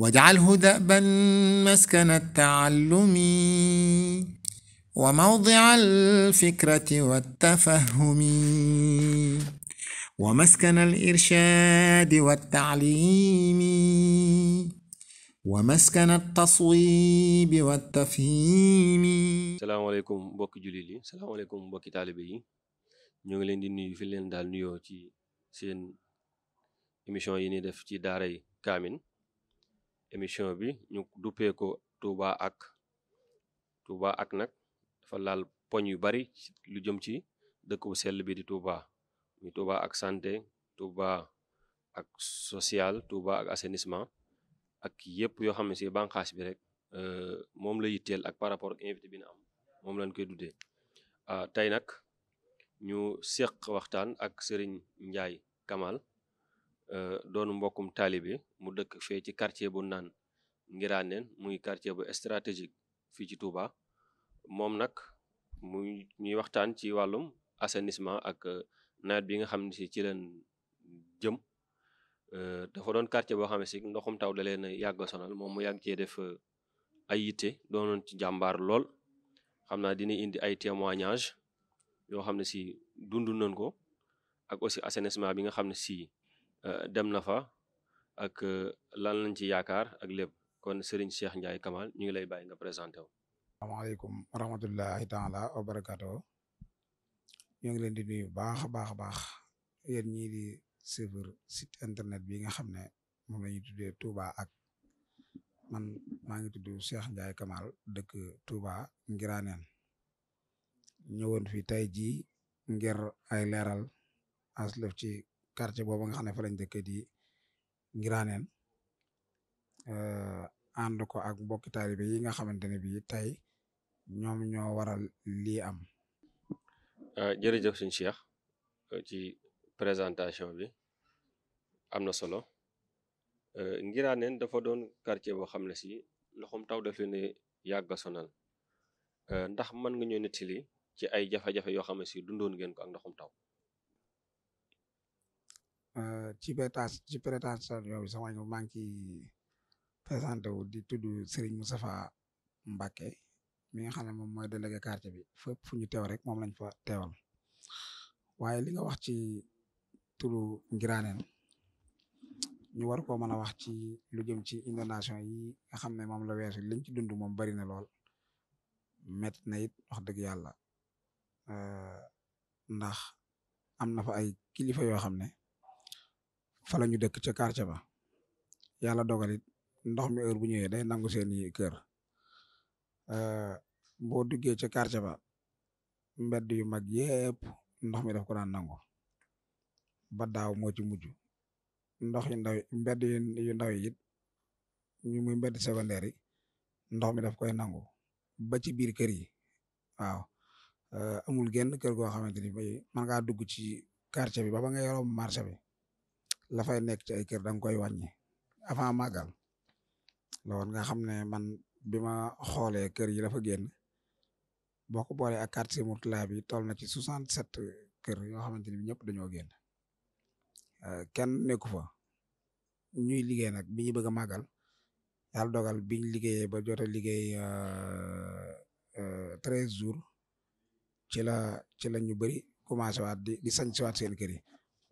واجعله دأبا مسكن التعلم وموضع الفكرة والتفهم ومسكن الإرشاد والتعليم ومسكن التصويب والتفهيم السلام عليكم بوك جوليلي السلام عليكم بوك طالبي ñu ngi leen di nuyu fi leen daal nuyoo ci seen émission yi ni def ci daaray Kaamil émission bi ñu duppee ko Touba ak Touba ak nag dafa laal poñ yu bari lu jëm ci dëkku sell bi di Touba muy Touba ak santé Touba ak social Touba ak assainissement ak yëpp yoo xam ne si bànqaas bi rek euh, moom la yitteel ak par rapport ak invité bi na am moom lañ koy duddee ah, tey nag ñu seq waxtaan ak sëriñ Ndiaye Kamal Eh, doon mbokkum taalibe mu dëkk fee ci quartier bu naan mu muy quartier bu stratégique fii ci Touba moom nag mu ñuy waxtaan ci wàllum assainissement ak eh, nawet bi nga xam ne si ci leen jëm eh, dafa doon quartier boo xam ne si ndoxum taw da na yàgg sonal moom mu yàgg cee def ay yitte doonoon ci jàmbaar lool xam naa dina indi ay témoignage yoo xam ne si dund nañ ko ak aussi assainissement bi nga xam ne si Euh, dem na fa ak euh, lan lañ ci yaakaar ak lépp kon Serigne Cheikh Ndiaye Kamal ñu ngi lay bàyyi nga présenté wu. asalaamaaleykum wa rahmatullahi taala o barakaatu ñu ngi leen di nuyu baax a baax a baax yéen ñii di suivre site internet bi nga xam ne moom la ñuy tuddee ak man maa ngi tudd Cheikh Ndiaye Kamal dëkk Touba Ngiraneen ñëwoon fi tey jii ngir ay leeral aslëf ci quartier boobu nga xam ne fa lañ dëkk di Ngiraaneen eh, ànd ko ak mbokki taalibe yi nga xamante ne bii tey ñoom ñoo waral lii am. Eh, jërëjëf suñu Cheikh eh, ci présentation bi am na solo Ngiraaneen dafa doon quartier boo xam ne si loxum taw daf leen yàgg a sonal ndax man nga ñoo nettali ci ay jafe-jafe yoo xam ne si dundoon ngeen ko ak ndoxum taw. Euh, ci pérétation ci pérétation bi sama maa ngi ciy présenté wu di tudd Serigne Moustapha Mbacké mi nga xam ne moom mooy délégué quartier bi fépp fu ñu teew rek moom lañ fa teewal waaye li nga wax ci turu Ngiraneen ñu war koo mën a wax ci lu jëm ci inondation yi nga xam ne moom la weesu liñ ci dund moom bari na lool métti na it wax dëgg yàlla euh, ndax am nafa ay kilifa yoo xam ne. fa ñu dëkk ca quartier ba yàlla dogal ndox mi heure bu ñëwee day nangu seeni kër boo duggee ca quartier ba mbedd yu mag yëpp ndox mi daf ko daan nangu ba daaw moo ci mujj ndox yu ndaw mbedd yu ndaw yi it ñu muy mbedd yi ndox mi daf koy nangu ba ci biir kër yi waaw amul genn kër goo xamante ni man ngaa dugg ci quartier bi ba ba nga yorom marché bi la fay nekk ci ay kër da nga koy wàññi avant màggal la nga xam ne man bi ma xoolee kër yi la fa génn boo ko boolee ak quartier Mourtala bi toll na ci soixante sept kër yoo xamante ni ñëpp dañoo génn euh, kenn nekku fa ñuy liggéey nag bi ñu bëgg a màggal yàlla dogal biñ liggéeyee ba jot a liggéey euh, euh, treize jours ci la ci la ñu bëri commencé waat di sañ si waat seen kër yi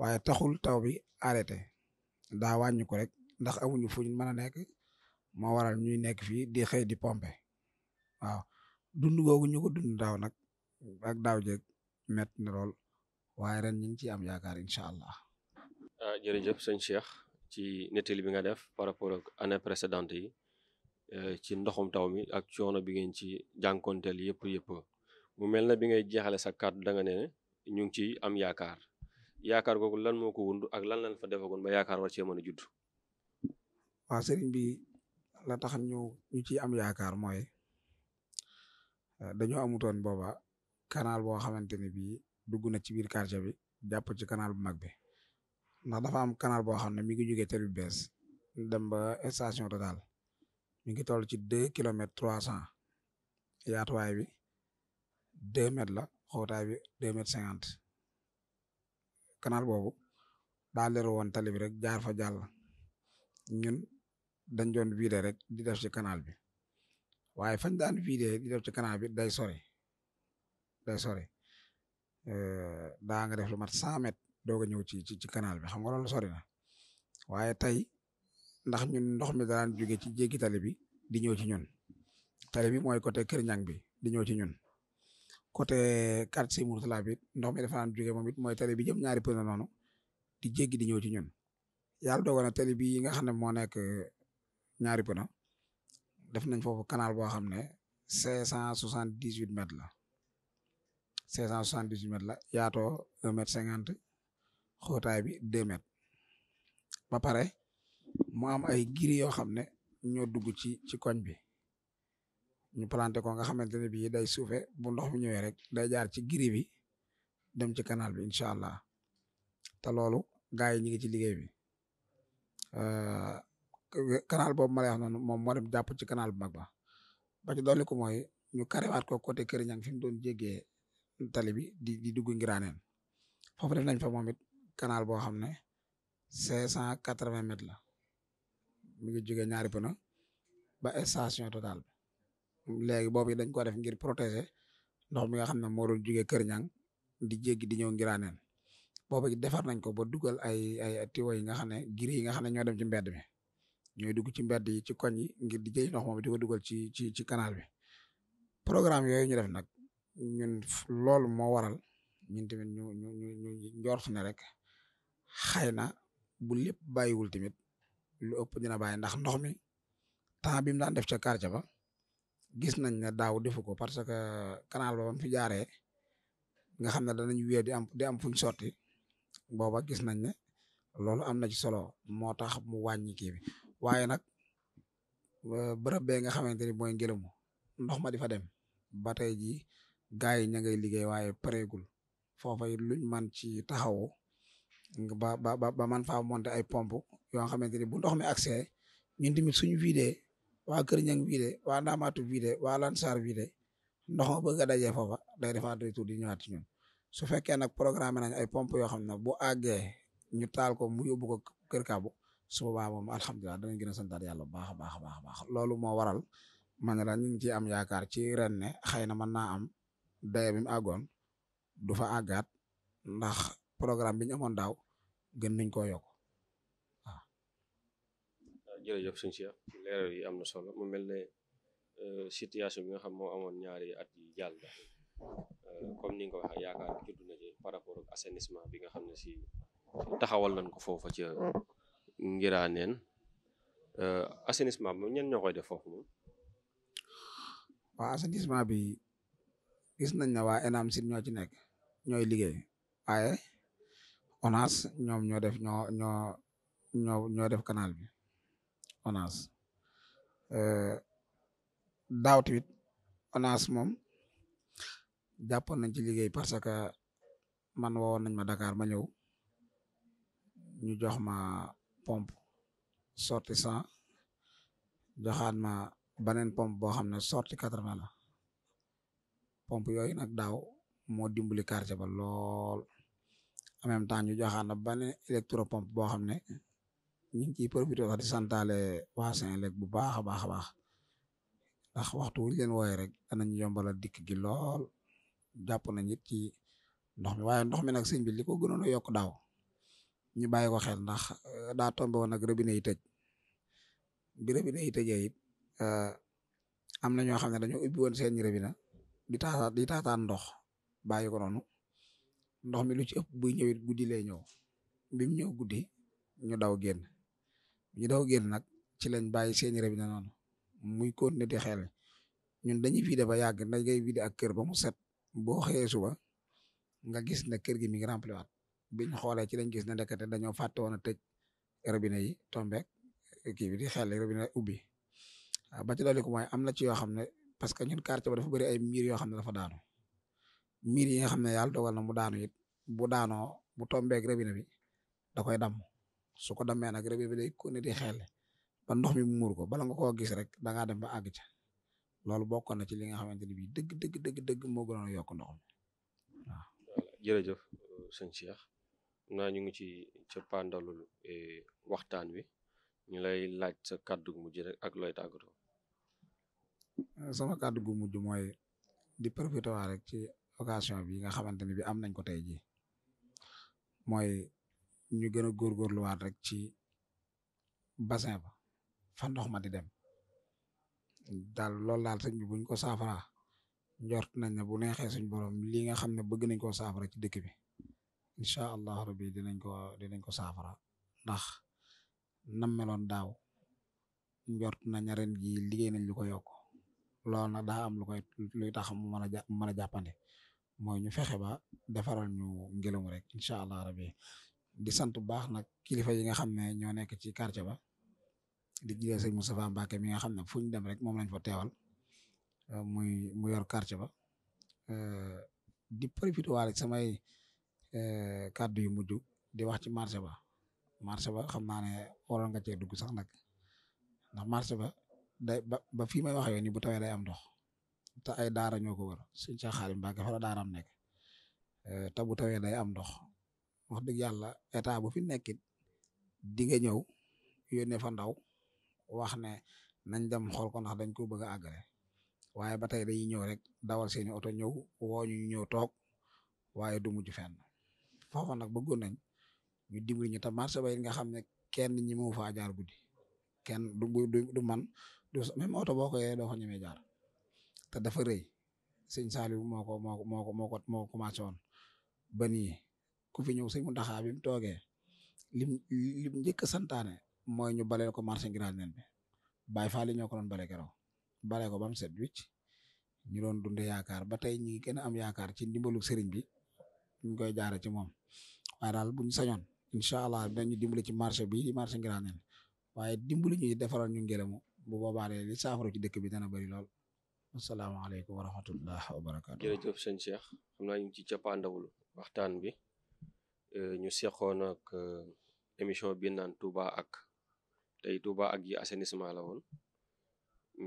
waaye taxul taw bi arrêté daa wàññi ko rek ndax amuñu fu ñu mën a nekk moo waral ñuy nekk fii di xëy di pompe waaw dund googu ñu ko dund daaw nag ak daaw jeg mett na lool waaye ren ñu ngi ciy am yaakaar incha allah. Ah, jërëjëf sëñ Cheikh ci nettali bi nga def par rapport ak année précédente yi eh, ci ndoxum taw mi ak coono bi ngeen ci jànkonteel yëpp yëpp mu mel na bi ngay jeexale sax kàddu danga nga ne ñu ngi ci am yaakaar. yaakaar googu lan moo ko wund ak lan lan fa defagoon ba yaakaar war cee mën a judd. waaw sëriñ bi la tax ñu ñu ciy am yaakaar mooy eh, dañoo amutoon booba canal boo xamante ni bii dugg na ci biir quartier bi jàpp ci kanaal bu mag bi ndax dafa am canal boo xam ne mi ngi jógee tali bu bees dem ba station Total mi ngi toll ci deux kilomètres trois cent yaatuwaay bi deux mètres la xootaay bi deux mètres cinquante. canal boobu daa leeru woon tali bi rek jaar fa jàll ñun dañ doon vider rek di def ci canal bi waaye fañ daan vider di def ci canal bi day sore day sori daa nga def lu mat samet mètres doog ñëw ci ci ci bi xam nga loolu sori na waaye tey ndax ñun ndox mi daan jóge ci jéggi tali bi di ñëw ci ñun tali bi mooy côté Kër Ñang bi di ñëw ci ñun. côté quartier Mourtala bi ndox mi dafa am jóge moom it mooy tali bi jëm ñaari pëna noonu di jéggi di ñëw ci ñun yàlla dogal na tali bi nga xam ne moo nekk euh, ñaari pëna def nañ foofu canal boo xam ne cinq cent soixante dix huit mètres la cinq cent soixante dix huit mètres la yaatoo un mètre cinquante xóotaay bi deux mètres ba pare mu am ay giri yoo xam ne ñoo dugg ci ci koñ bi ñu planté ko nga xamante ne bii day suufe bu ndox mi ñëwee rek day jaar ci giri bi dem ci canal bi incha allah te loolu gars yi ñu ngi ci liggéey bi euh, canal boobu ma lay wax noonu moom moo dem jàpp ci canal bu mag ba ba ci dolli ko mooy ñu karewaat ko côté kër ñang fi mu doon jéggee tali bi di di dugg ngiraaneen foofu def fa moom it canal boo xam ne cinq cent quatre-vingts mètres la mi ngi jógee ñaari pëna ba station totale bi léegi boobu yi dañ ko def ngir protéger ndox mi nga xam na moo doon jugee Kër Ñang di jéggi di ñëw Ngiraaneen boobu defar nañ ko ba dugal ay ay yi nga xam ne giri yi nga xam ne ñoo dem ci mbedd mi ñooy dugg ci mbedd yi ci koñ yi ngir di jëli ndox di ko dugal ci ci ci canal bi programme yooyu ñu def nag ñun loolu moo waral ñun tamit ñu ñu ñu ñu njort ne rek xëy na bu lépp bàyyiwul tamit lu ëpp dina bàyyi ndax ndox mi temps bi mu daan def ca quartier ba gis nañ ne daaw defu ko parce que canal ba mu fi jaaree nga xam ne danañ wéy di am di am fuñ sotti booba gis nañ ne loolu am na ci solo moo tax mu wàññi kii bi waaye nag bërëb bee nga xamante ni mooy ngelamu ndox ma di fa dem ba tey jii gars yi ña ngay liggéey waaye pareegul foofa it luñ man ci taxawu ba ba ba man faa monter ay pompe yoo xamante ni bu ndox mi accès ñun tamit suñu waa Kër Ñang bii de waa Ndaamaatu bii de waa Lansar bii de ndox ma bëgg a dajee foofa day defaat retour di ñëwaat ci ñun su fekkee nag programme nañ ay pompe yoo xam ne bu àggee ñu taal ko mu yóbbu ko kër kaabu su boobaa moom alhamdulilah danañ gën a santaat yàlla bu baax a baax a baax loolu moo waral man daal ñu ngi ciy am yaakaar ci ren ne xëy na mën naa am daye bi mu àggoon du fa àggaat ndax programme bi amoon daaw gën nañ koo yokk jërëjëf suñu Cheikh leeral yi am na solo mu mel ne euh, situation bi nga xam moo amoon ñaari at yi jàll la euh, comme ni nga ko waxee yaakaar judd na par rapport ak assainissement bi nga xam ne si taxawal nañ ko foofa ca Ngiraneen euh, assainissement bi ñen ñoo koy def foofu bi gis nañ ne waa ENAM si ñoo ci nekk ñooy liggéey waaye ONAS ñoom ñoo def ñoo ñoo ñoo def canal bi. ONAS eh, daaw tamit ONAS moom jàppoon nañ ci liggéey parce que man wowoon nañ ma Dakar ma ñëw ñu jox ma pompe sorti cent joxaat ma beneen pompe boo xam ne sorti quatre-vingts pompe yooyu nag daaw moo dimbali quartier ba lool en même temps ñu joxaat na électropompe boo ñu ngi ciy profité wax di santaale waa Senelec bu baax a baax a baax ndax waxtu wuñ leen wooyee rek danañ yombalal dikk gi lool jàpp nañ it ci ndox mi waaye ndox mi nag sëñ bi li ko gënoon a yokk daaw ñu bàyyi ko xel ndax eh, daa tombé woon nag robinet yi tëj bi robinet yi tëjee it eh, am na ñoo xam ne dañoo ubbi woon seen robinet di taataan di ndox bàyyi ko ndox mi lu ci ëpp buy ñëwit guddi lay ñëw bim ñëw guddi ñu daw génn ñu daw génn nag ci leen bàyyi seen rëbb na noonu muy continuer di xel ñun dañuy vidé ba yàgg ndax ngay vidé ak kër ba mu set boo xëyee suba nga gis ne kër gi mi ngi rempli waat biñ xoolee ci lañ gis ne ndekete dañoo fàtte woon a tëj robinet yi tombeek kii bi di xel robinet ubbi ah, ba ci dolli ko mooy am na ci yoo xam ne parce que ñun quartier ba dafa bëri ay miir yoo xam ne dafa daanu miir yi nga xam ne yàlla dogal na mu daanu it bu daanoo bu tombeek robinet bi da koy damm su ko demee nag rëbb bi day ko ne di xeele ba ndox mi muur ko bala nga koo gis rek da dem ba àgg ca loolu bokkoon na ci li nga xamante ni bii dëgg dëgg dëgg dëgg moo yokk ndox mi waaw. Euh, sëñ Cheikh ñu ngi ci ca eh, waxtaan wi ñu lay laaj sa kàddu gu mujj rek ak looy tàggatoo. Euh, sama kàddu gu mujj mooy di profité rek ci occasion bi nga xamante ni bi am nañ ko tey jii mooy ñu gën a góorgóorluwaat rek ci bassin ba fa ndox ma di dem daal lool daal sëñ bi buñ ko saafara njort nañ ne bu neexee suñ borom lii nga xam ne bëgg nañ koo saafara ci dëkk bi incha allah rabbi dinañ ko dinañ ko saafara ndax nam meloon daaw njort nañ ren ji liggéey nañ lu ko yokk lool nag daa am lu koy luy tax mu mën a mën a jàppande mooy ñu fexe ba defaral ñu ngelaw rek incha allah rabbi di sant bu baax nag kilifa yi nga xam ne ñoo nekk ci quartier ba di jëlee sëñ Moustapha Mbacké mi nga xam ne fu ñu dem rek moom lañ fa teewal euh, muy mu yor quartier ba euh, di profité waale samay euh, kàddu yu mujj di wax ci marché ba marché ba xam naa ne waroon nga cee dugg sax nag ndax marché ba day ba ba fii may wax yow nii bu tawee day am ndox te ay daara ñoo ko wër suñ sa xaalim Mbacké fa la daaraam nekk te bu tawee day am ndox wax dëgg yàlla état bu fi nekkit di nga ñëw yónnee fa ndaw wax ne nañ dem xool ko ndax dañ ko bëgg a àggale waaye ba tey dañuy ñëw rek dawal seeni oto ñëw woo ñu ñëw toog waaye du mujj fenn foofa nag bëggoon nañ ñu dimbali ñu te marché ba it nga xam ne kenn ñi mu faa jaar guddi kenn du du man du même oto boo ko yee doo ko ñemee jaar te dafa rëy sëñ Saliou moo ko moo ko moo ko moo commencé woon ku fi ñëw sëñ Muntaxa bi mu toogee lim lim njëkk santaane mooy ñu baleel ko marché Ngirane Néne bi Baay Faal ñoo ko doon bale keroog bale ko ba mu set wicc ñu doon dundee yaakaar ba tey ñi ngi gën a am yaakaar ci ndimbalu sëriñ bi ñu koy jaare ci moom waaye daal bu ñu sañoon incha allah dinañu dimbali ci marché bi marché Ngirane Néne waaye dimbali ñuy defaral ñu ngelamu bu boobaa li saafara ci dëkk bi dana bëri lool. asalaamaaleykum wa rahmatullah wa barakaatu. jërëjëf sëñ Cheikh xam naa ñu ngi ci bi. Eh, ñu seqoon ak eh, émission bi naan Touba ak tey Touba ak yi assainissement la woon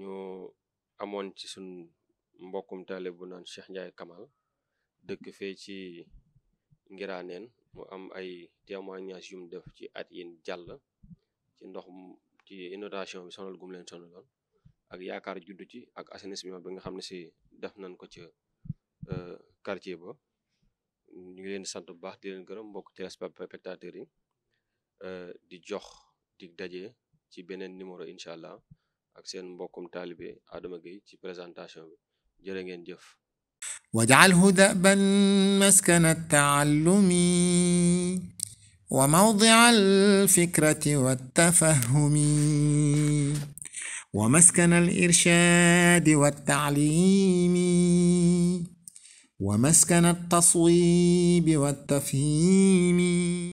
ñu amoon ci suñ mbokkum taale bu naan Cheikh Ndiaye Kamal dëkk fee ci Ngiraneen mu am ay témoignages yum def ci at yi jàll ci ndox ci inondation bi sonal gum leen sonaloon ak yaakaar juddu ci ak assainissement bi nga xam ne si def nañ ko ca eh, quartier ba ñu ngi sant bu baax di leen gërëm mbokk téléspectateurs yi euh, di jox dig daje ci beneen numéro incha allah ak seen mbokkum taalibe Adama Gueye ci présentation bi jërë ngeen jëf waj'alhu da'ban maskana at-ta'allumi wa mawdi'a al-fikrati wat ومسكن التصويب والتفهيم